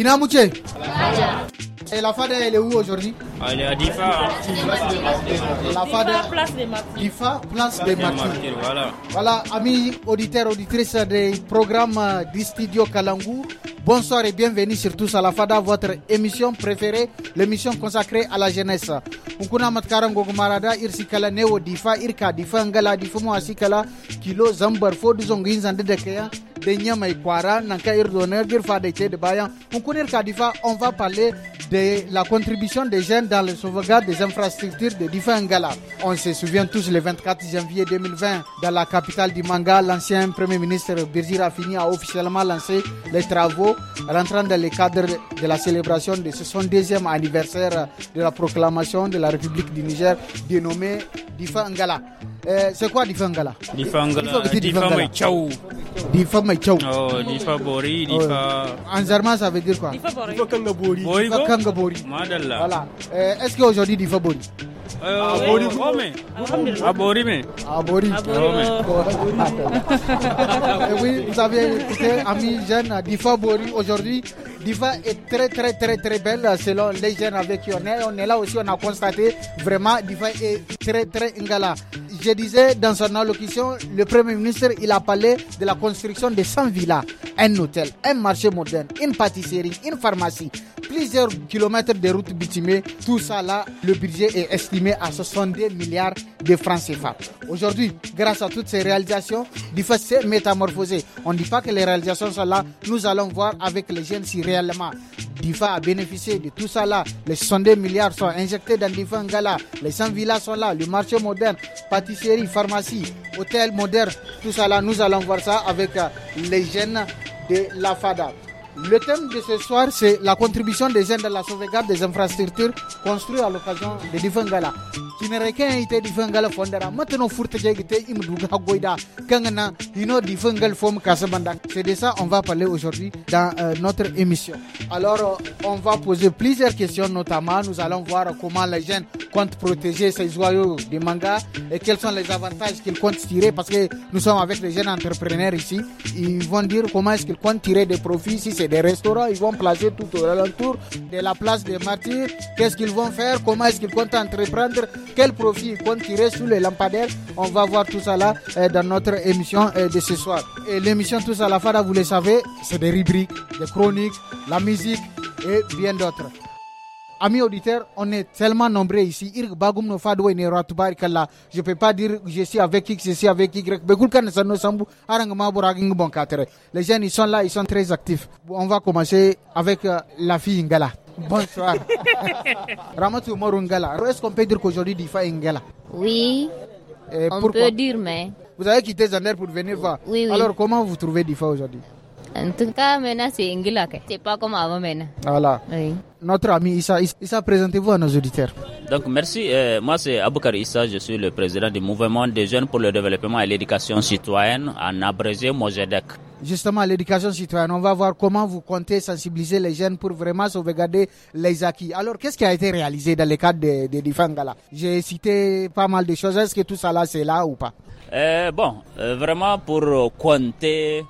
Et la FADA, elle est où aujourd'hui Elle est à Difa. Hein. La FADA, place des martyrs. Difa, place des martyrs. Voilà. voilà, amis auditeurs, auditrices des programmes euh, du studio Kalangu, bonsoir et bienvenue sur Tous à la FADA, votre émission préférée, l'émission consacrée à la jeunesse. Nkuna matkaran irsi kala neo difa irka difa ngala difa mo asikala kilo zambar fo dizongu inzande de de Bayan. on va parler de la contribution des jeunes dans le sauvegarde des infrastructures de différents N'Gala. On se souvient tous, le 24 janvier 2020, dans la capitale du Manga, l'ancien Premier ministre Birgir Rafini a officiellement lancé les travaux rentrant dans le cadre de la célébration de ce 62e anniversaire de la proclamation de la République du Niger, dénommée Difa Ngala. Euh, c'est quoi Difa Ngala Difa Ngala, Difa Ngala difa mai kyau oh difa bori difa oh. en germain ça veut dire quoi difa bori difa kanga bori difa voilà euh, est-ce que aujourd'hui difa bori abori oh, mais abori mais abori abori oui vous avez été ami jeune difa bori aujourd'hui Diva est très très très très belle selon les jeunes avec qui on est. On est là aussi, on a constaté vraiment Diva est très très ingala. Je disais dans son allocution, le Premier ministre, il a parlé de la construction de 100 villas, un hôtel, un marché moderne, une pâtisserie, une pharmacie, plusieurs kilomètres de routes bitumées. Tout ça là, le budget est estimé à 62 milliards de francs CFA. Aujourd'hui, grâce à toutes ces réalisations, Diva s'est métamorphosée. On ne dit pas que les réalisations sont là. Nous allons voir avec les jeunes si réellement. DIFA a bénéficié de tout cela. Les 62 milliards sont injectés dans différents galas. Les 100 villas sont là. Le marché moderne, pâtisserie, pharmacie, hôtel moderne, tout ça là. Nous allons voir ça avec euh, les jeunes de la FADA. Le thème de ce soir, c'est la contribution des jeunes de la sauvegarde des infrastructures construites à l'occasion de différents galas c'est de ça on va parler aujourd'hui dans euh, notre émission alors on va poser plusieurs questions notamment nous allons voir comment les jeunes comptent protéger ces joyaux de manga et quels sont les avantages qu'ils comptent tirer parce que nous sommes avec les jeunes entrepreneurs ici ils vont dire comment est-ce qu'ils comptent tirer des profits si c'est des restaurants ils vont placer tout autour de la place des martyrs qu'est-ce qu'ils vont faire comment est-ce qu'ils comptent entreprendre quel profit ils tirait tirer sous les lampadaires On va voir tout ça là euh, dans notre émission euh, de ce soir. Et l'émission Tout ça la Fada, vous le savez, c'est des rubriques, des chroniques, la musique et bien d'autres. Amis auditeurs, on est tellement nombreux ici. Je ne peux pas dire que je suis avec X, je suis avec Y. Les jeunes ils sont là, ils sont très actifs. On va commencer avec euh, la fille Ngala. Bonsoir. Ramatou Morungala, est-ce qu'on peut dire qu'aujourd'hui Difa est Ngala Oui. on pourquoi? peut dire, mais. Vous avez quitté Zander pour venir voir. Oui, oui. Alors, comment vous trouvez Difa aujourd'hui En tout cas, maintenant, c'est Ngala. C'est pas comme avant maintenant. Voilà. Oui notre ami Issa. Issa, présentez-vous à nos auditeurs. Donc, merci. Euh, moi, c'est Aboukar Issa. Je suis le président du mouvement des jeunes pour le développement et l'éducation citoyenne, en abrégé Mojedek. Justement, l'éducation citoyenne, on va voir comment vous comptez sensibiliser les jeunes pour vraiment sauvegarder les acquis. Alors, qu'est-ce qui a été réalisé dans le cadre des de différents galas J'ai cité pas mal de choses. Est-ce que tout ça là, c'est là ou pas euh, Bon, euh, vraiment pour compter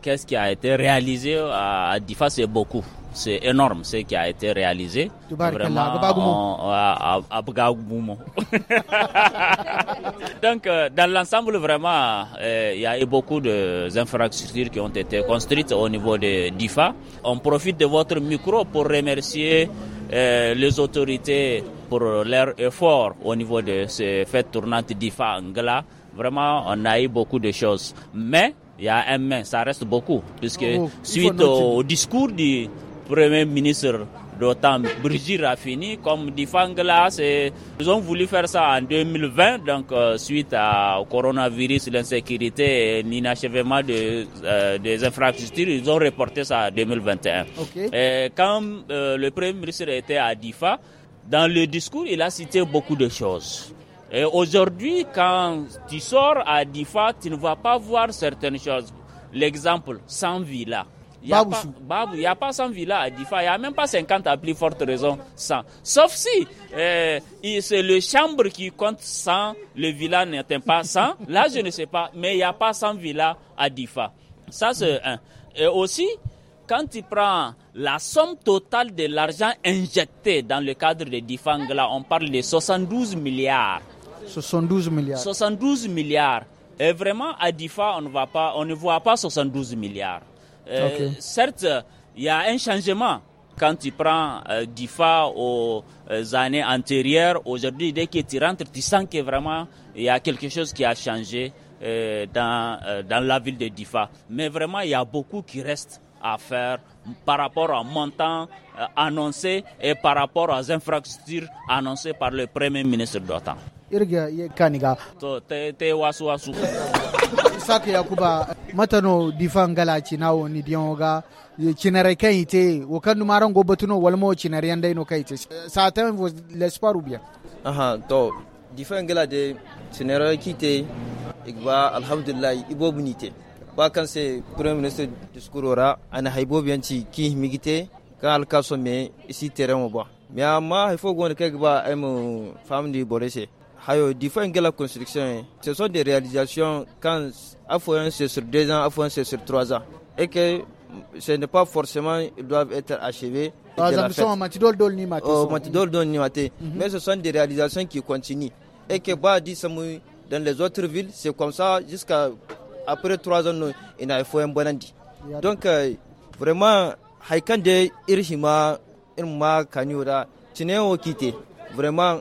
qu'est-ce qui a été réalisé à, à c'est beaucoup c'est énorme ce qui a été réalisé. Vraiment, euh, euh, Donc, euh, dans l'ensemble, vraiment, il y a eu beaucoup d'infrastructures qui ont été construites au niveau de DIFA. On profite de votre micro pour remercier les autorités pour leur effort au niveau de ces fêtes tournantes d'IFA Angla. Vraiment, on a eu beaucoup de choses. Mais il y a un mais, ça reste beaucoup. Puisque oh, suite au, au discours du Premier ministre d'OTAN, Brigitte Raffini comme Difangla. Ils ont voulu faire ça en 2020, donc euh, suite au coronavirus, l'insécurité et l'inachèvement de, euh, des infrastructures, ils ont reporté ça en 2021. Et quand euh, le Premier ministre était à Difa, dans le discours, il a cité beaucoup de choses. Et aujourd'hui, quand tu sors à Difa, tu ne vas pas voir certaines choses. L'exemple, sans villa. Babou, il n'y a pas 100 villas à Difa, il n'y a même pas 50 à plus forte raison 100. Sauf si euh, c'est le chambre qui compte 100, le villa n'atteint pas 100. Là, je ne sais pas, mais il n'y a pas 100 villas à Difa. Ça, c'est un. Et aussi, quand tu prends la somme totale de l'argent injecté dans le cadre de Difa là, on parle de 72 milliards. 72 milliards. 72 milliards. Et vraiment, à Difa, on ne, va pas, on ne voit pas 72 milliards. Euh, certes, il y a un changement quand tu prends euh, DIFA aux euh, années antérieures, aujourd'hui, dès que tu rentres, tu sens que vraiment, il y a quelque chose qui a changé dans, dans la ville de DIFA. Mais vraiment, il y a beaucoup qui reste à faire par rapport au montant annoncé et par rapport aux infrastructures annoncées par le Premier ministre d'OTAN. isaka yakuba matano difan galaci na woni dionga cinare kan ite wo kan ran go batuno walmo cinare yanda ino kan ite satan vos l'espoir ou bien aha to difan gala de cinare kite igba alhamdulillah ibo bunite ba kan se premier ministre discours ana haibo bianci ki migite ka alkaso me isi terrain ba mi amma haifo gon kai ba ai mu family borese hayo construction hein. ce sont des réalisations quand a hein, c'est sur deux ans a c'est sur trois ans et que ce n'est pas forcément ils doivent être achevés mhm. mais ce sont des réalisations qui continuent et que bah dans les autres villes c'est comme ça jusqu'à après trois ans il y fait un bon andi donc euh, vraiment de irhima irma kanyura tinewo kite vraiment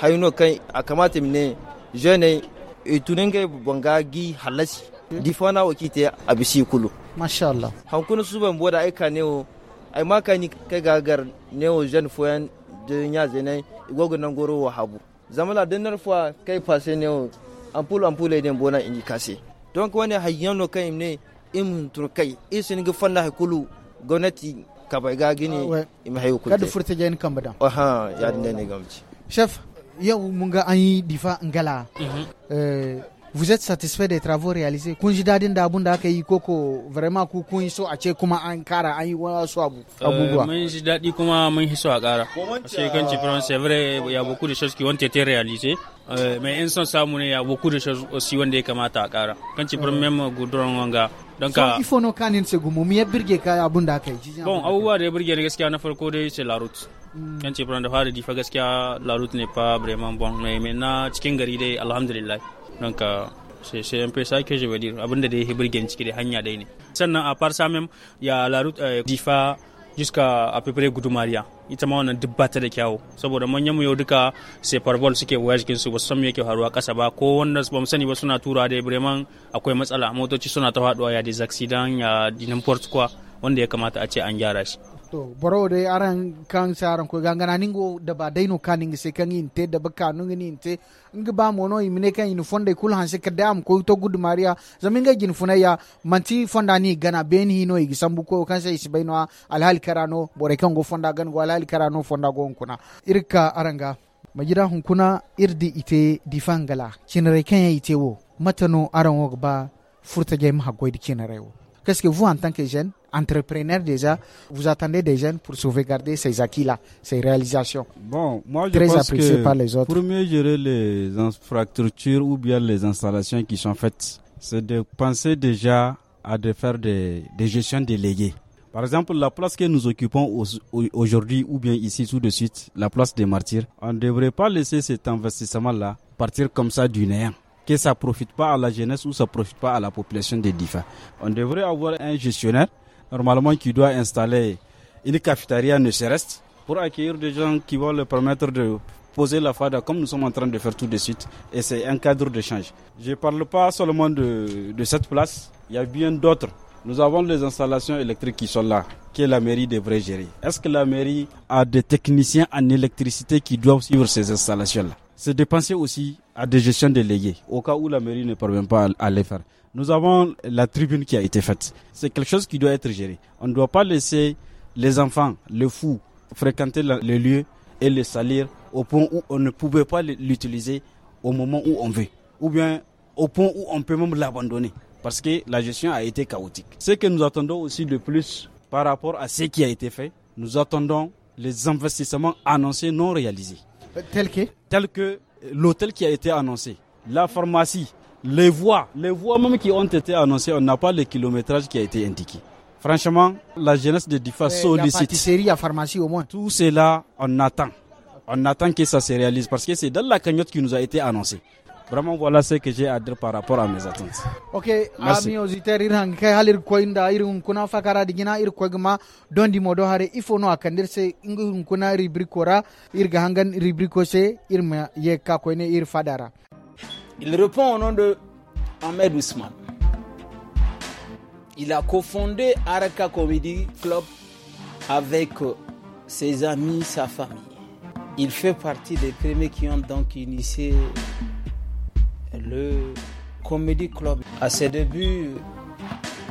hayno kai a kamata mine jene itunenge bonga gi halasi difana wakite abisi kulu masha Allah hankuna su ban boda aika ne o ai maka ni kai gagar ne o jen foyan de nya zene gogo nan goro wa habu zamala nan fa kai fase ne o ampul ampule den bona inji kase donc wani hayyano kai ne im kai isin gi fanna hakulu gwamnati ka bai ga gini ah, im hayu kulu kada furta jayin kan badan aha ya dinne ne gamci chef yau mun ga an yi difa ngala mhm. eh, vous êtes satisfait des travaux réalisés kun ji dadin da abun da aka yi koko vraiment ku kun so a ce kuma an kara an yi wasu eh, abubuwa mun ji dadi kuma mun hiso a kara sai kan ci france c'est vrai y'a beaucoup de choses qui ont été réalisées eh, mais en son samu ne il beaucoup de choses aussi wanda ya kamata a kara kan ci france même goudron wanga donc so, ah. il faut no kanin se gumu mu ya birge ka abun da aka yi bon abubuwa da ya birge ne gaskiya na farko dai c'est la route Mm. yan ce da fara difa gaskiya larut ne fa bremen bon mai na cikin gari dai alhamdulillah don ka sai sai yan fesa ke je badir abinda da ya birgen ciki da hanya dai ne sannan a farsa mem ya larut eh, fa jiska à peu près Gudumariya ita ma wannan duk bata da kyawu saboda manyan mu yau duka sai farbol suke waya jikin su basu san me yake faruwa kasa ba ko wanda ba mu sani ba suna tura da Bremen akwai matsala motoci suna ta faduwa ya des accident ya dinan port wanda ya kamata a ce an gyara shi to borode aran kan saran ko gangana ningo da ba daino kaningi se kan inte da baka nungi ni inte ngi ba mono imine kan in fonde kul hanse kadam ko to good maria zaminga jin funaya manti fonda ni gana ben hino igi sambu ko kan sai sibaino alhal karano bore kan go fonda gan go alhal karano fonda go kuna irka aranga majira hunkuna irdi ite difangala cinare kan ite wo matano aran wogba furta jay mahagoy di cinare wo Qu'est-ce que vous, en tant que jeune, entrepreneur déjà, vous attendez des jeunes pour sauvegarder ces acquis-là, ces réalisations Bon, moi je Très pense que par les autres. pour mieux gérer les infrastructures ou bien les installations qui sont faites, c'est de penser déjà à de faire des, des gestions déléguées. Par exemple, la place que nous occupons aujourd'hui ou bien ici tout de suite, la place des martyrs, on ne devrait pas laisser cet investissement-là partir comme ça du néant que ça profite pas à la jeunesse ou ça profite pas à la population des DIFA. On devrait avoir un gestionnaire, normalement, qui doit installer une cafétéria, ne serait pour accueillir des gens qui vont leur permettre de poser la fada comme nous sommes en train de faire tout de suite. Et c'est un cadre de change. Je ne parle pas seulement de, de cette place, il y a bien d'autres. Nous avons les installations électriques qui sont là, que la mairie devrait gérer. Est-ce que la mairie a des techniciens en électricité qui doivent suivre ces installations-là c'est de penser aussi à des gestions déléguées, au cas où la mairie ne parvient pas à les faire. Nous avons la tribune qui a été faite. C'est quelque chose qui doit être géré. On ne doit pas laisser les enfants, les fous, fréquenter les lieux et les salir au point où on ne pouvait pas l'utiliser au moment où on veut. Ou bien au point où on peut même l'abandonner. Parce que la gestion a été chaotique. Ce que nous attendons aussi de plus par rapport à ce qui a été fait, nous attendons les investissements annoncés non réalisés. Tel que Tel que l'hôtel qui a été annoncé, la pharmacie, les voies, les voies même qui ont été annoncées, on n'a pas le kilométrage qui a été indiqué. Franchement, la jeunesse de Difa eh, sollicite. La série à pharmacie au moins. Tout cela, on attend. On attend que ça se réalise parce que c'est dans la cagnotte qui nous a été annoncée. Vraiment, voilà ce que j'ai à dire par rapport à mes attentes. Ok, amis auditeurs, il y a des gens qui ont fakara digina ir kwagma don di modo hare ifo no akandir se ingu kuna rubrikora ir gahangan rubriko il ir ma ye ka koine ir fadara. Il répond au nom de Ahmed Ousmane. Il a cofondé Araka Comedy Club avec ses amis, sa famille. Il fait partie des premiers qui ont donc initié le Comedy Club. À ses débuts,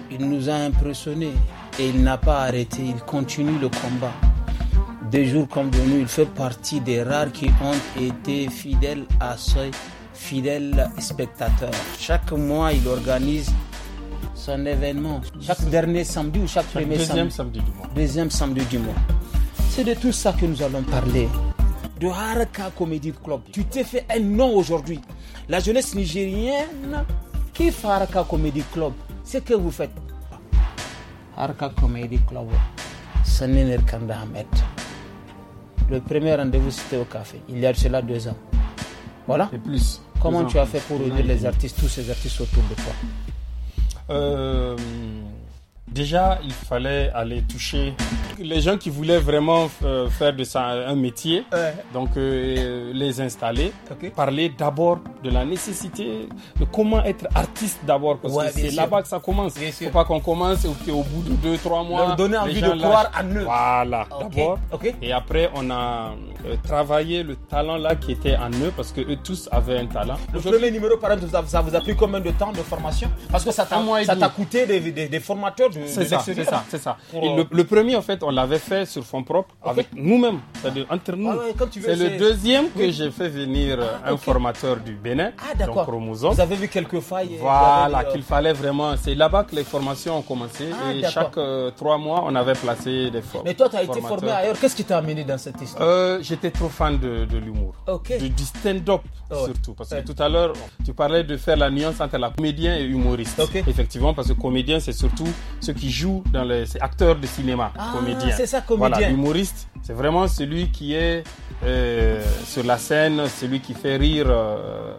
il nous a impressionnés et il n'a pas arrêté, il continue le combat. Des jours comme de il fait partie des rares qui ont été fidèles à ce fidèle spectateur. Chaque mois, il organise son événement. Chaque dernier samedi ou chaque, premier deuxième samedi, du mois. Deuxième samedi du mois. C'est de tout ça que nous allons parler. De Haraka Comedy Club. Tu t'es fait un nom aujourd'hui la jeunesse nigérienne qui fait Haraka Comedy Club, ce que vous faites. Arka Comedy Club, Sanin Erkanda Le premier rendez-vous, c'était au café, il y a cela deux ans. Voilà. Et plus. Comment tu as fait pour réunir les artistes, tous ces artistes autour de toi euh, Déjà, il fallait aller toucher les gens qui voulaient vraiment euh, faire de ça un métier, donc euh, les installer, parler d'abord de la nécessité de comment être artiste d'abord, parce que c'est là-bas que ça commence Il ne faut pas qu'on commence et au bout de deux, trois mois, leur donner envie de croire à eux. Voilà, d'abord. Et après, on a euh, travaillé le talent là qui était en eux, parce que tous avaient un talent. Le premier numéro, par exemple, ça vous a pris combien de temps de formation Parce que ça t'a coûté des formateurs c'est ça, c'est ça. ça. Oh. Le, premier, en fait, on l'avait fait sur fond propre avec nous-mêmes, c'est-à-dire entre nous. Ah c'est le deuxième que j'ai fait venir un ah, formateur du Bénin, ah, donc Chromosome. Vous avez vu quelques failles Voilà, euh, qu'il fallait vraiment. C'est là-bas que les formations ont commencé ah, et chaque euh, trois mois, on avait placé des formes. Mais toi, tu as été formé ailleurs. Qu'est-ce qui t'a amené dans cette histoire euh, J'étais trop fan de, l'humour, du, stand-up surtout. Parce que tout à l'heure, tu parlais de faire la nuance entre la comédien et humoriste. Effectivement, parce que comédien, c'est surtout ceux qui jouent dans les acteurs de cinéma, ah, comédiens. C'est c'est vraiment celui qui est euh, sur la scène, celui qui fait rire. Euh,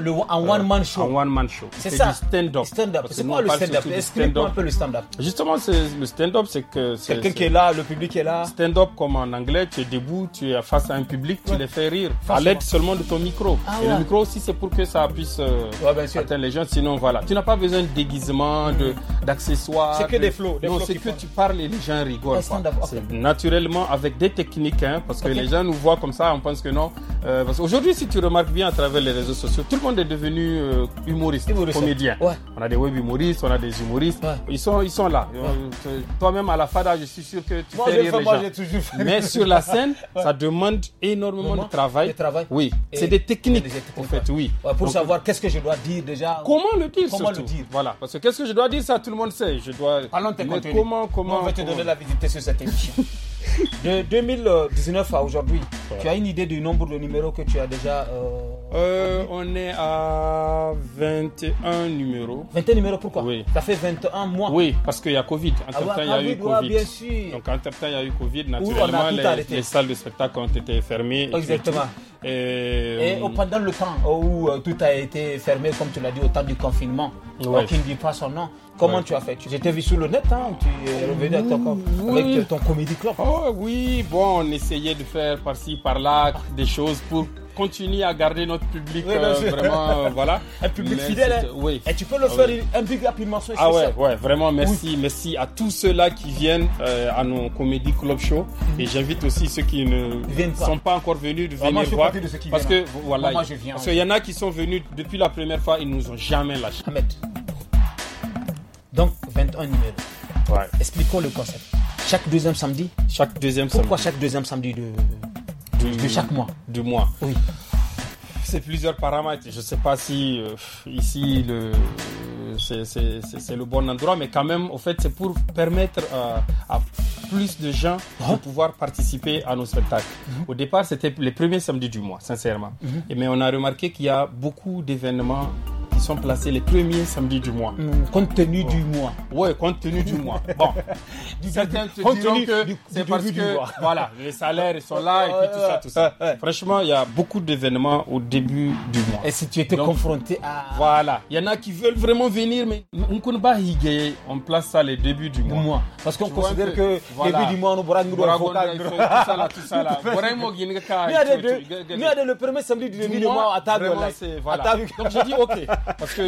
le, un euh, one-man show. Un one-man show. C'est ça. du stand-up. c'est quoi le stand-up c'est un peu le stand-up. Justement, le stand-up, c'est que. Quelqu'un qui est là, le public est là. Stand-up, comme en anglais, tu es debout, tu es face à un public, tu les fais rire. à l'aide seulement de ton micro. Ah et le micro aussi, c'est pour que ça puisse euh, atteindre les gens. Sinon, voilà. Tu n'as pas besoin de déguisement, d'accessoires. C'est que des flots. non, c'est que tu parles et les gens rigolent. C'est naturellement avec des techniques, hein, parce que les gens nous voient comme ça, on pense que non. aujourd'hui parce qu'aujourd'hui, si tu remarques bien à travers les réseaux sociaux, tout le monde est devenu euh, humoriste, comédien. On a des web humoristes, on a des humoristes. Ils, sont, ils sont là. Euh, toi-même, à la FADA, je suis sûr que tu fais les Toujours Mais sur la scène, ça demande énormément de travail. Oui, c'est des techniques, fait, oui. pour savoir qu'est-ce que je dois dire déjà. Comment le dire dire Voilà, parce que qu'est-ce que je dois dire, ça, tout le monde sait. Je dois... Comment, comment, va te donner la visite sur cette émission. De 2019 euh, à aujourd'hui, tu as une idée du nombre de numéros que tu as déjà. Euh, euh, on est à 21 numéros. 21 numéros pourquoi Ça fait 21 mois. Oui, parce qu'il y a Covid. En ah temps, il y a eu Covid. Donc, en temps, il y a eu Covid. Naturellement, les, salles de spectacle ont été fermées. Exactement. Et, pendant le temps où euh, tout a été fermé, comme tu l'as dit, au temps du confinement, ouais. qui ne dit pas son nom, Comment tu as fait J'étais vu sur le net, hein, tu es revenu avec euh, ton, comédie club. Oh oui, bon, on essayait de faire par-ci, par-là des choses pour continue à garder notre public euh, vraiment euh, voilà un public fidèle hein. et tu peux le ah faire un big up immense ah ouais, ouais vraiment merci merci à tous ceux là qui viennent euh, à nos comédie club show mhm. et j'invite aussi ceux qui ne sont pas encore venus de ah, venir voir parce que hein. voilà parce qu'il y en a qui sont venus depuis la première fois ils nous ont jamais lâché Ahmed donc 21 numéros expliquons le concept chaque deuxième samedi chaque deuxième pourquoi chaque deuxième samedi de de chaque mois. Du mois. Oui. C'est plusieurs paramètres. Je ne sais pas si euh, ici le, c'est le bon endroit, mais quand même, au fait, c'est pour permettre euh, à plus de gens de oh. pouvoir participer à nos spectacles. Mm-hmm. Au départ, c'était les premiers samedis du mois, sincèrement. Mm-hmm. Mais on a remarqué qu'il y a beaucoup d'événements sont placés les premiers samedis du mois. contenu compte tenu du mois. Oui, compte tenu du mois. Bon, certains se que c'est parce que voilà, les salaires sont là et puis tout ça, tout ça. Franchement, il y a beaucoup d'événements au début du mois. Et si tu étais confronté à... Voilà, il y en a qui veulent vraiment venir, mais on ne On place ça les débuts du mois. Parce qu'on considère que, début du mois, nous pourrons nous Tout ça là, tout ça là. le premier samedi du du mois à table. Donc je dis, ok. Parce que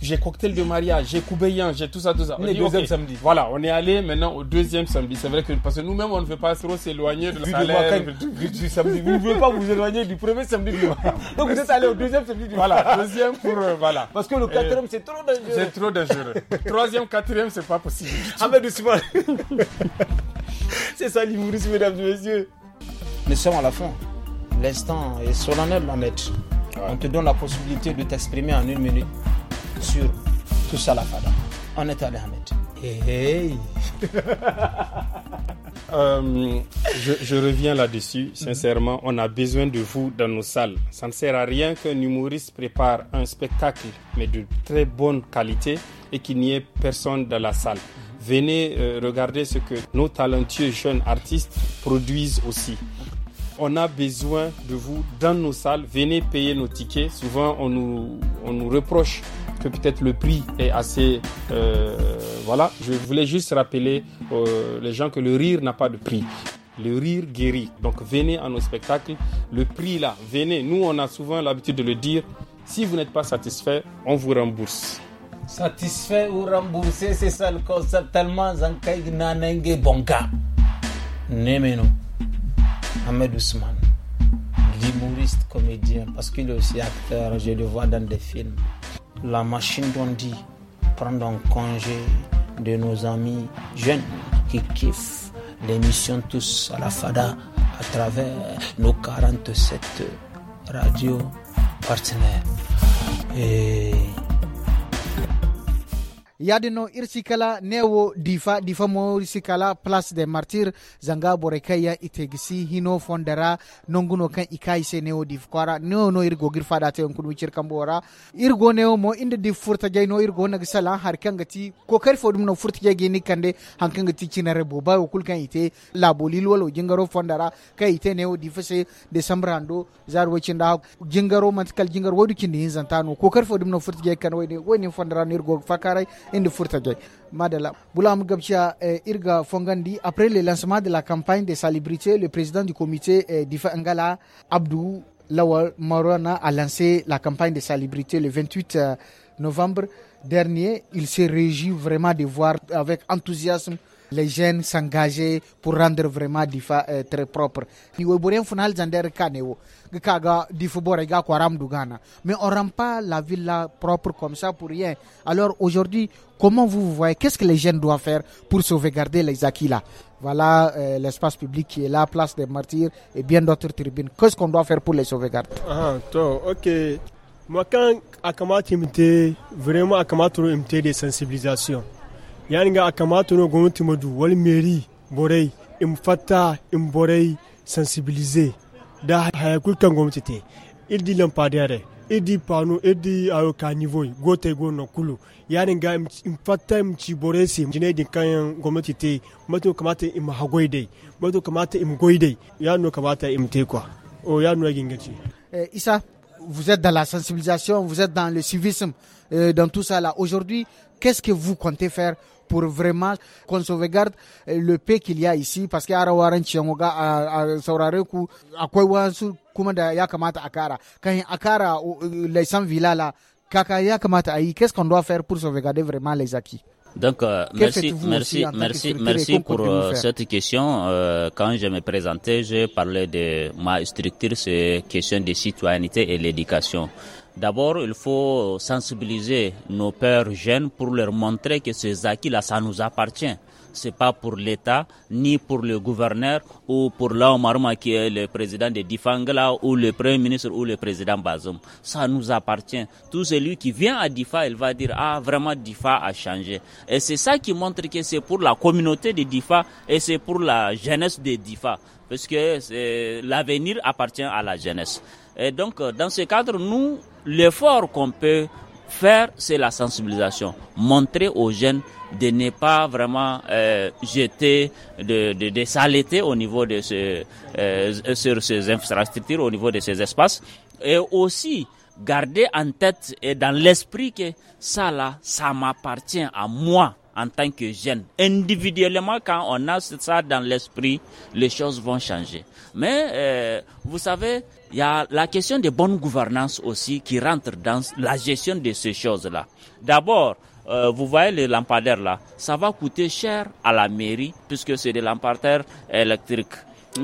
j'ai cocktail de mariage, j'ai coubéien, j'ai tout ça, tout ça. On est deuxième samedi. Voilà, on est allé maintenant au deuxième samedi. C'est vrai que, parce que nous-mêmes, on ne veut pas trop s'éloigner de la Du, samedi. Vous ne voulez pas vous éloigner du premier samedi du mois. Donc vous êtes allé au deuxième samedi du mois. Voilà, deuxième pour, euh, voilà. Parce que le quatrième, c'est trop dangereux. C'est trop dangereux. Troisième, quatrième, c'est pas possible. Ah, mais doucement. c'est ça l'humourisme, mesdames et messieurs. Nous sommes à la fin. L'instant est solennel, ma mère on te donne la possibilité de t'exprimer en une minute sur tout ça la fada. On est à Hey, euh, je, reviens là-dessus. Mhm. Sincèrement, on a besoin de vous dans nos salles. Ça ne sert à rien qu'un humoriste prépare un spectacle, mais de très bonne qualité, et qu'il n'y ait personne dans la salle. Mhm. Venez euh, regarder ce que nos talentueux jeunes artistes produisent aussi on a besoin de vous dans nos salles. Venez payer nos tickets. Souvent, on nous, reproche que peut-être le prix est assez... Euh, voilà, je voulais juste rappeler euh, les gens que le rire n'a pas de prix. Le rire guérit. Donc venez à nos spectacles. Le prix là, venez. Nous, on a souvent l'habitude de le dire. Si vous n'êtes pas satisfait, on vous rembourse. Satisfait ou remboursé, c'est ça le concept tellement zankai n'aimez-nous Ahmed Ousmane, l'humoriste comédien, parce qu'il est aussi acteur, je le vois dans des films. La machine dont dit prendre un congé de nos amis jeunes qui kiffent l'émission Tous à la Fada à travers nos 47 radios partenaires. Et yadino irsikala newo difa difa mo irsikala place des martyrs zanga borekaya itegisi hino fondera nonguno kan ikaise newo dif kwara newo no irgo girfada te kun wicir kambora irgo newo mo inde dif furta jayno irgo nagsala har kan gati ko kar fodum no furta jayge ni kande hankan gati cinare boba kul kan ite labolil walo jingaro fondera kai ite newo difase desambrando zarwo cinda jingaro mantikal jingaro wodu kindi zantano ko kar fodum no furta jayge kan wayne wayne fondera nirgo irgo furta eh, irga fongandi après le lancement de la campagne de salubrité, le président du comité eh, difa abdou Lawal Marwana a lancé la campagne de salubrité le 28 euh, novembre dernier. Il se réjouit vraiment de voir avec enthousiasme les jeunes s'engager pour rendre vraiment euh, très propre ni le funal zander kwaram mais on rend pas la ville propre comme ça pour rien alors aujourd'hui comment vous, voyez qu'est-ce que les jeunes doivent faire pour sauvegarder les acquis là voilà euh, l'espace public qui est là place des martyrs et bien d'autres tribunes qu'est-ce qu'on doit faire pour les sauvegarder ah OK moi quand akamata vraiment akamata des sensibilisations no wal isa vous êtes dans la sensibilisation vous êtes dans le civisme euh, dans tout ça là aujourd'hui qu'est-ce que vous comptez faire pour vraiment qu'on sauvegarde euh, le paix qu'il y a ici parce qu'il y a saurare ku akwai wasu kuma da ya kamata a kara kan a kara laisan vilala kaka ya kamata a yi qu'est-ce qu'on doit faire pour sauvegarder vraiment les acquis donc, euh, merci, merci, merci, merci pour euh, cette question. quand je me présentais, je parlais de ma structure, c'est question de citoyenneté et l'éducation. D'abord, il faut sensibiliser nos pères jeunes pour leur montrer que ces acquis-là, ça nous appartient. C'est pas pour l'État, ni pour le gouverneur, ou pour Laomarma qui est le président de Difangla, ou le premier ministre, ou le président Bazoum. Ça nous appartient. Tout celui qui vient à Difa, il va dire, ah, vraiment, Difa a changé. Et c'est ça qui montre que c'est pour la communauté de Difa, et c'est pour la jeunesse de Difa. Parce que l'avenir appartient à la jeunesse. Et donc, euh, dans ce cadre, nous, l'effort qu'on peut faire, c'est la sensibilisation. Montrer aux jeunes de ne pas vraiment euh, jeter de, de, de, au niveau de ce, euh, sur ces infrastructures, au niveau de ces espaces. Et aussi, garder en tête et dans l'esprit que ça là, ça m'appartient à moi en tant que jeune. Individuellement, quand on a ça dans l'esprit, les choses vont changer. Mais euh, vous savez, il y a la question de bonne gouvernance aussi qui rentre dans la gestion de ces choses-là. D'abord, euh, vous voyez les lampadaires là, ça va coûter cher à la mairie puisque c'est des lampadaires électriques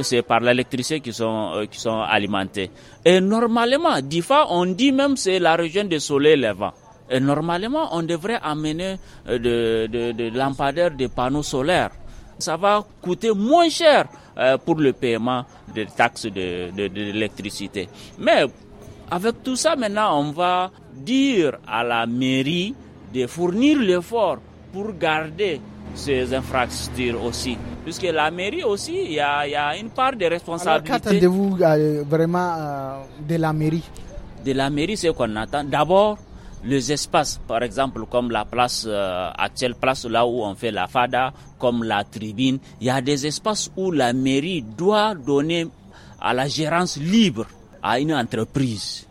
c'est par l'électricité qui sont euh, qui sont alimentés. Et normalement, des fois, on dit même c'est la région du soleil levant normalement, on devrait amener euh, de, de, de lampadaires, des panneaux solaires. Ça va coûter moins cher euh, pour le paiement des taxes de, de, Mais avec tout ça, maintenant, on va dire à la mairie de fournir l'effort pour garder ces infrastructures aussi. Puisque la mairie aussi, il y, a, une part de responsabilité. qu'attendez-vous euh, vraiment de la mairie De la mairie, c'est qu'on attend. D'abord, les espaces, par exemple, comme la place, euh, actuelle place là où on fait la fada, comme la tribune, il y a des espaces où la mairie doit donner à la gérance libre à une entreprise.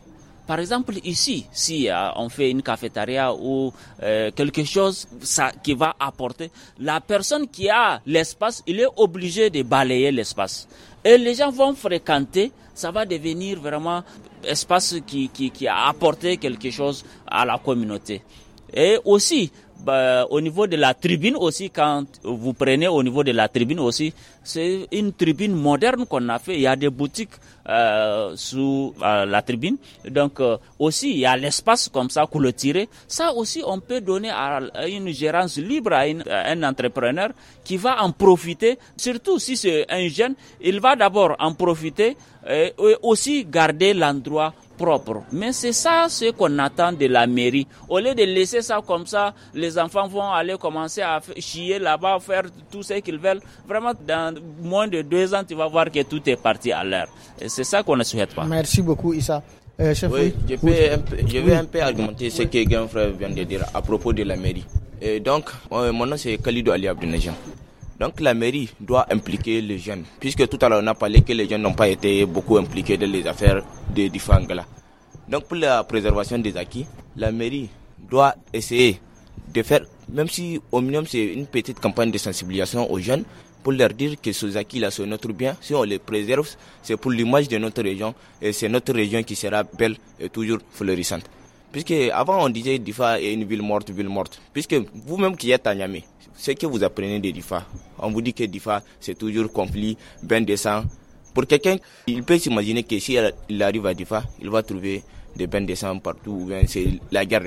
Par exemple, ici, si euh, on fait une cafétéria ou euh, quelque chose ça, qui va apporter, la personne qui a l'espace, il est obligé de balayer l'espace. Et les gens vont fréquenter, ça va devenir vraiment espace qui, qui, a apporté quelque chose à la communauté. Et aussi, bah, au niveau de la tribune aussi, quand vous prenez au niveau de la tribune aussi, c'est une tribune moderne qu'on a fait. Il y a des boutiques euh, sous euh, la tribune. Donc euh, aussi, il y a l'espace comme ça tirer. Ça aussi, on peut donner à, une gérance libre à, un entrepreneur qui va en profiter. Surtout si c'est un jeune, il va d'abord en profiter et aussi garder l'endroit propre. Mais c'est ça ce qu'on attend de la mairie. Au lieu de laisser ça comme ça, les enfants vont aller commencer à chier là-bas, faire tout ce qu'ils veulent. Vraiment, dans moins de deux ans, tu vas voir que tout est parti à l'air. c'est ça qu'on ne souhaite pas. Merci beaucoup, Issa. Euh, chef je, vais un peu argumenter ce que Gain vient de dire à propos de la mairie. Et donc, euh, mon nom c'est Khalidou Ali Abdounajan. Donc la mairie doit impliquer les jeunes, puisque tout à l'heure on a parlé que les jeunes n'ont pas été beaucoup impliqués dans les affaires de Angola. Donc pour la préservation des acquis, la mairie doit essayer de faire, même si au minimum c'est une petite campagne de sensibilisation aux jeunes, pour leur dire que ces acquis-là sont notre bien, si on les préserve, c'est pour l'image de notre région, et c'est notre région qui sera belle et toujours florissante. Puisque avant on disait Difa est une ville morte, ville morte, puisque vous-même qui êtes à Niamey, ce que vous apprenez de DIFA, on vous dit que DIFA, c'est toujours conflit, bain de sang. Pour quelqu'un, il peut s'imaginer que s'il il arrive à DIFA, il va trouver des bains de sang partout, c'est la guerre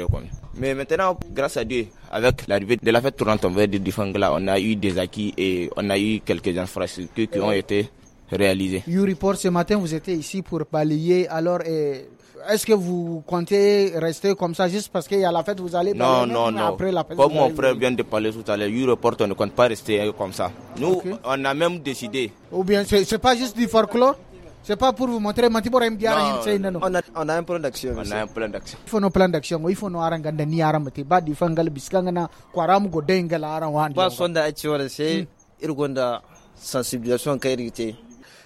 Mais maintenant, grâce à Dieu, avec l'arrivée de la fête tournante envers de Difangla, on a eu des acquis et on a eu quelques infrastructures qui ont été réalisées. YouReport, ce matin, vous étiez ici pour balayer alors. Et est-ce que vous comptez rester comme ça juste parce qu'il y a la fête, vous allez Non, non, non. Après la fête, comme mon frère vient de parler tout à l'heure, Europort, on ne compte pas rester comme ça. Nous, okay. on a même décidé. Ou bien, c'est pas juste du folklore c'est pas pour vous montrer Matibor Mdiara non, c'est non. on a un plan d'action. On a un plan d'action. Il faut un plan d'action. Il faut nos aranganda ni aramate. Ba di fangal biskangana kwaram go dengala aran wan. Ba sonda achiwara se hmm. irgonda sensibilisation kairite.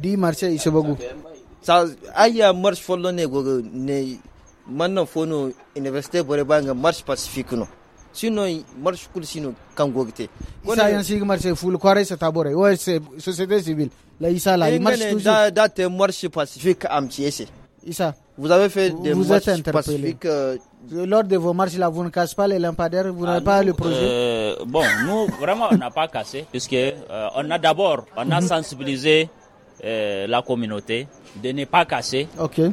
di marché isobagu e sa aya marche follo ne go ne manna fono université bore banga marche pacifique no sino marche kul sino kango gite isa yan sig marche ful kware sa tabore o se société civile la isa la eh, marche toujours da da te marche pacifique am marche isa vous avez fait des vous marches êtes pacifiques euh, lors de vos marches là, vous ne cassez pas les lampadaires, vous n'avez ah, pas le projet euh, Bon, nous, vraiment, on n'a pas cassé, puisque euh, on a d'abord, on a sensibilisé euh, la communauté, de ne pas casser,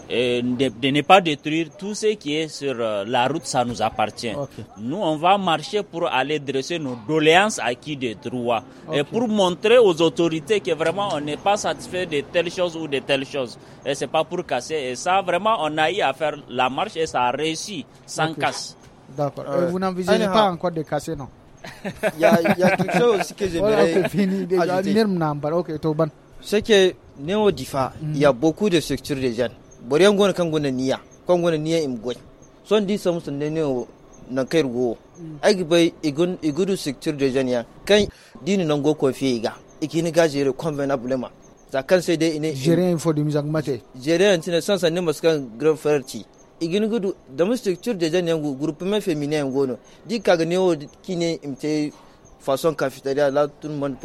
et de, ne pas détruire tout ce qui est sur euh, la route, ça nous appartient. Nous, on va marcher pour aller dresser nos doléances à qui de droit et pour montrer aux autorités que vraiment on n'est pas satisfait de telle chose ou de telle chose Et c'est pas pour casser. Et ça, vraiment, on a eu à faire la marche et ça a réussi sans casse. D'accord. Euh, vous n'envisagez pas encore de casser, non Il y, a quelque chose aussi que j'aimerais. ok fini. Ajouter. ce que ne o difa il mm. y a beaucoup de structures de jeunes bori ngon kan gona niya kan gona niya im goy so di samu sun ne o na kai go mm. ai gbe igun igudu structure de jeunes ya kan dini nan go ko fi ga ikini gajere convenable ma za kan sai dai ine jere info di mizak mate jere an tina san sanin maskan grand frère ci igini gudu da mu structure de jan yangu groupe me féminin yangu no di ka ne o kine imte façon cafétéria là tout le monde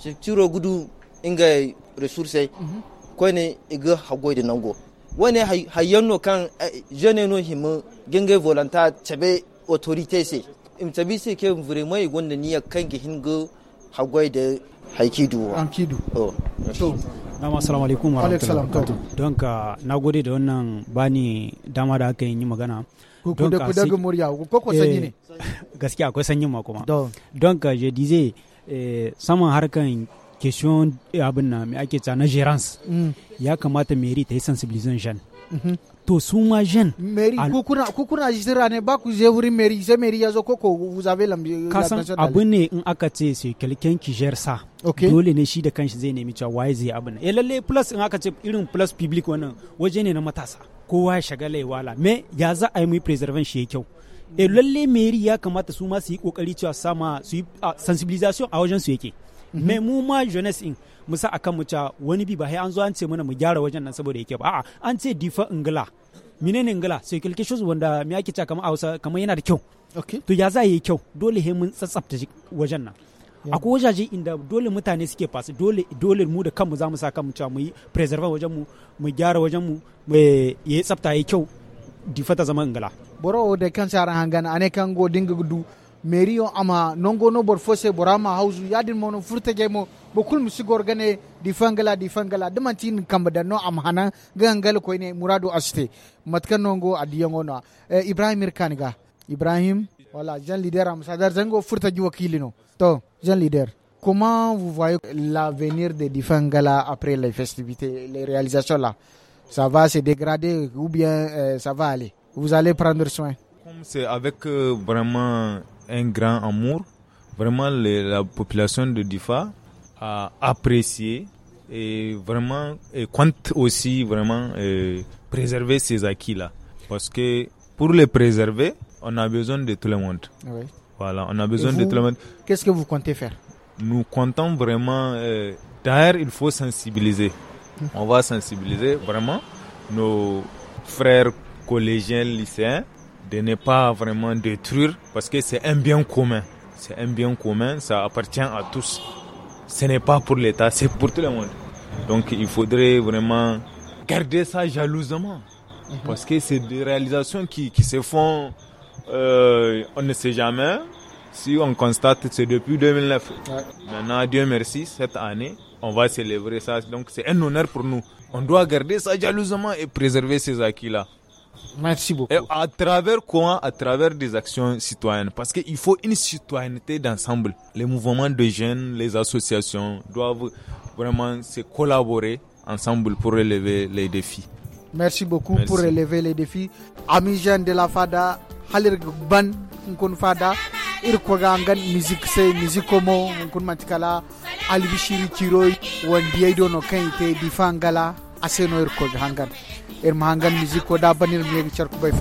structure gudu inga resurse mhm. ko ne iga hagoy da nango wani hayyano kan eh, jene no himu genge volanta tabe autorité se im tabi se ke mai gonda niya kan gi hingo hagoy da haikidu hankidu oh to dama assalamu alaikum wa rahmatullahi don ka na gode da wannan bani dama da aka yi magana don ku sai murya ko ko sanyi ne eh, gaskiya akwai sanyin ma kuma don ka je dize eh, saman harkan question eh, abin na mai ake na gerance mm. ya kamata meri ta yi sensibilizan jen mhm. to su ma jen meri ko kuna jira ne ba ku je wurin meri sai meri ya zo ko ko vous avez la kasan abu ne in aka ce sai kelken ki sa dole ne shi da kanshi zai nemi cewa waye zai abin eh lalle plus in aka ce irin plus public wannan waje ne na matasa kowa ya shagala ya wala me ya za a yi mu preservation shi kyau e lalle meri ya kamata su ma su yi kokari cewa sama su yi ah, sensibilisation a wajen su yake mai mu ma jeunesse in mu sa akan mu wani bi ba sai an zo an ce mana mu gyara wajen nan saboda yake ba a'a an ce difa ingila menene ingila sai quelque chose wanda me ake cewa kamar Hausa kamar yana da kyau to ya za yi kyau dole he mun tsatsabta wajen nan akwai wajaje inda dole mutane suke fasi dole dole mu da kanmu za mu sa kanmu cewa mu yi preserve wajen mu mu gyara wajen mu mu yi tsafta ya kyau difa ta zama ingila boro da kan saran hangana ane kan go dinga du mairie o ama nongono bor fose borama hausu yadin mono beaucoup mo bokul musigo gane difangala difangala damantin kambada no am hana gangal ko ne muradu aste matkan nongo adiyango na eh, ibrahim irkaniga ibrahim voilà Jean leader am sadar zango furta ji wakilino to jean leader comment vous voyez l'avenir de difangala après les festivités les réalisations là ça va se dégrader ou bien eh, ça va aller vous allez prendre soin comme c'est avec euh, vraiment un grand amour. Vraiment, la population de Difa a apprécié et vraiment et compte aussi vraiment préserver ces acquis-là. Parce que pour les préserver, on a besoin de tout le monde. Voilà, on a besoin de tout le monde. Qu'est-ce que vous comptez faire Nous comptons vraiment. Euh, D'ailleurs, il faut sensibiliser. Hum. On va sensibiliser vraiment nos frères collégiens, lycéens de ne pas vraiment détruire, parce que c'est un bien commun. C'est un bien commun, ça appartient à tous. Ce n'est pas pour l'État, c'est pour tout le monde. Donc il faudrait vraiment garder ça jalousement, mhm. parce que c'est des réalisations qui, se font, euh, on ne sait jamais. Si on constate, c'est depuis 2009. Maintenant, Dieu merci, cette année, on va célébrer ça. Donc c'est un honneur pour nous. On doit garder ça jalousement et préserver ces acquis-là. Merci beaucoup. Et à travers quoi À travers des actions citoyennes. Parce qu'il faut une citoyenneté d'ensemble. Les mouvements de jeunes, les associations doivent vraiment se collaborer ensemble pour relever les défis. Merci beaucoup pour relever les défis. Amis jeunes de la FADA, Halir Ban, Nkun FADA, Irkwagangan, musique c'est musique como, Nkun Matikala, Albishiri Kiroi, Wendiaidono Kente, Bifangala, Aseno Irkwagangan. Et hangan musique ko da banir mi yegi de bay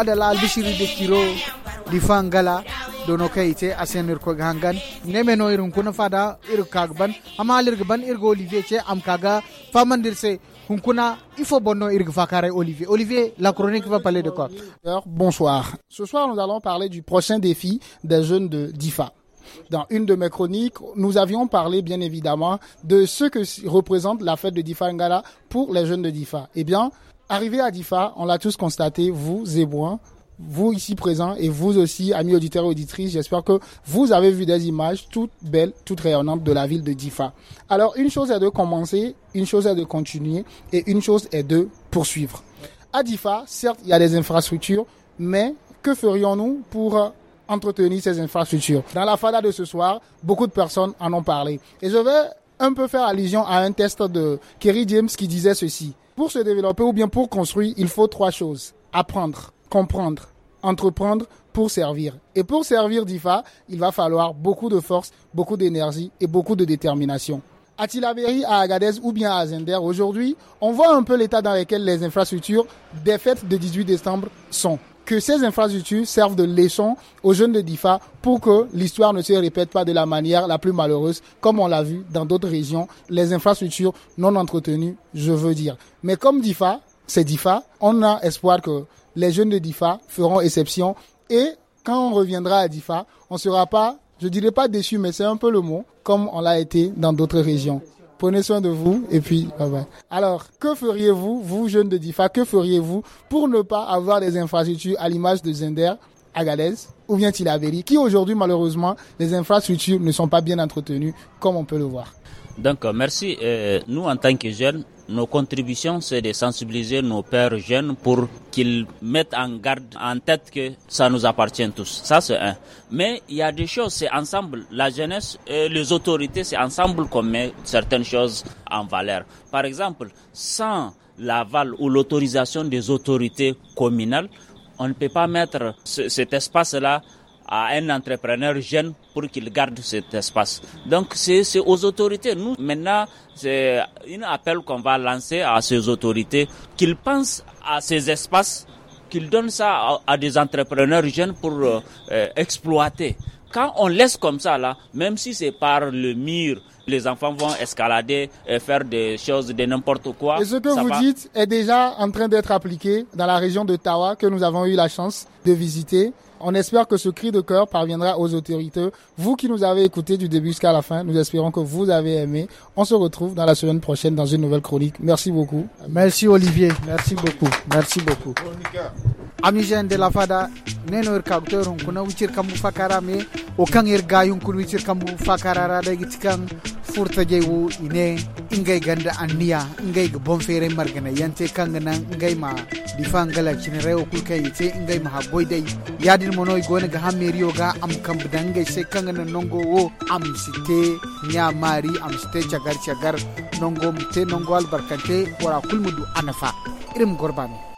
adala albishiri dekkiro di fangala dono kayite asenir ko gangan nemeno irun kuna fada ir kagban amma alir ban irgo olivier ce am kaga famandir se hunkuna il faut bonno irgo fakare olivier olivier la chronique va parler de quoi bonsoir ce soir nous allons parler du prochain défi des jeunes de Difa dans une de mes chroniques, nous avions parlé bien évidemment de ce que représente la fête de Difa Ngala pour les jeunes de Difa. Eh bien, Arrivé à Difa, on l'a tous constaté, vous et vous ici présents et vous aussi, amis auditeurs et auditrices, j'espère que vous avez vu des images toutes belles, toutes rayonnantes de la ville de Difa. Alors, une chose est de commencer, une chose est de continuer et une chose est de poursuivre. À Difa, certes, il y a des infrastructures, mais que ferions-nous pour euh, entretenir ces infrastructures Dans la fada de ce soir, beaucoup de personnes en ont parlé. Et je vais un peu faire allusion à un test de Kerry James qui disait ceci. Pour se développer ou bien pour construire, il faut trois choses. Apprendre, comprendre, entreprendre pour servir. Et pour servir d'IFA, il va falloir beaucoup de force, beaucoup d'énergie et beaucoup de détermination. À Tilaberi, à Agadez ou bien à Zender, aujourd'hui, on voit un peu l'état dans lequel les infrastructures des fêtes de 18 décembre sont que ces infrastructures servent de leçon aux jeunes de DIFA pour que l'histoire ne se répète pas de la manière la plus malheureuse, comme on l'a vu dans d'autres régions, les infrastructures non entretenues, je veux dire. Mais comme DIFA, c'est DIFA, on a espoir que les jeunes de DIFA feront exception et quand on reviendra à DIFA, on ne sera pas, je dirais pas déçu, mais c'est un peu le mot, comme on l'a été dans d'autres régions. Prenez soin de vous et puis bye Alors, que feriez-vous, vous jeunes de DIFA, que feriez-vous pour ne pas avoir des infrastructures à l'image de Zender, Agadez ou bien Tilabelli, qui aujourd'hui malheureusement, les infrastructures ne sont pas bien entretenues comme on peut le voir. Donc, merci. Euh, nous, en tant que jeunes, nos contributions, c'est de sensibiliser nos pères jeunes pour qu'ils mettent en garde, en tête que ça nous appartient tous. Ça, c'est un. Mais il y a des choses, c'est ensemble. La jeunesse et les autorités, c'est ensemble qu'on met certaines choses en valeur. Par exemple, sans l'aval ou l'autorisation des autorités communales, on ne peut pas mettre cet espace-là à un entrepreneur jeune pour qu'il garde cet espace. Donc c'est aux autorités. Nous, maintenant, c'est un appel qu'on va lancer à ces autorités qu'ils pensent à ces espaces, qu'ils donnent ça à, des entrepreneurs jeunes pour euh, euh, exploiter. Quand on laisse comme ça, là, même si c'est par le mur, les enfants vont escalader et faire des choses de n'importe quoi. Et ce que vous dites est déjà en train d'être appliqué dans la région de Tawa que nous avons eu la chance de visiter. On espère que ce cri de cœur parviendra aux autorités. Vous qui nous avez écoutés du début jusqu'à la fin, nous espérons que vous avez aimé. On se retrouve dans la semaine prochaine dans une nouvelle chronique. Merci beaucoup. Merci Olivier. Merci beaucoup. Merci beaucoup. Amigène de la Fada, nenor er kauteur on kuna wichir kambu fakara o kangir er gayun kun wichir fakara ra da furta jewu ine ingay ganda anniya ingay bon fere margana yante kangana ingay difangala kinere o kulkai te ingay yadin mono igone ga hammeriyo ga am kamba dangay se kanga na nongo wo am site nyamari am site cagar cagar nongo mte nongo albarkante wara kulmudu anafa irim gorbami